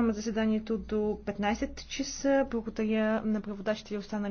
Прекратяваме заседанието до 15 часа. Благодаря на преводачите и останали.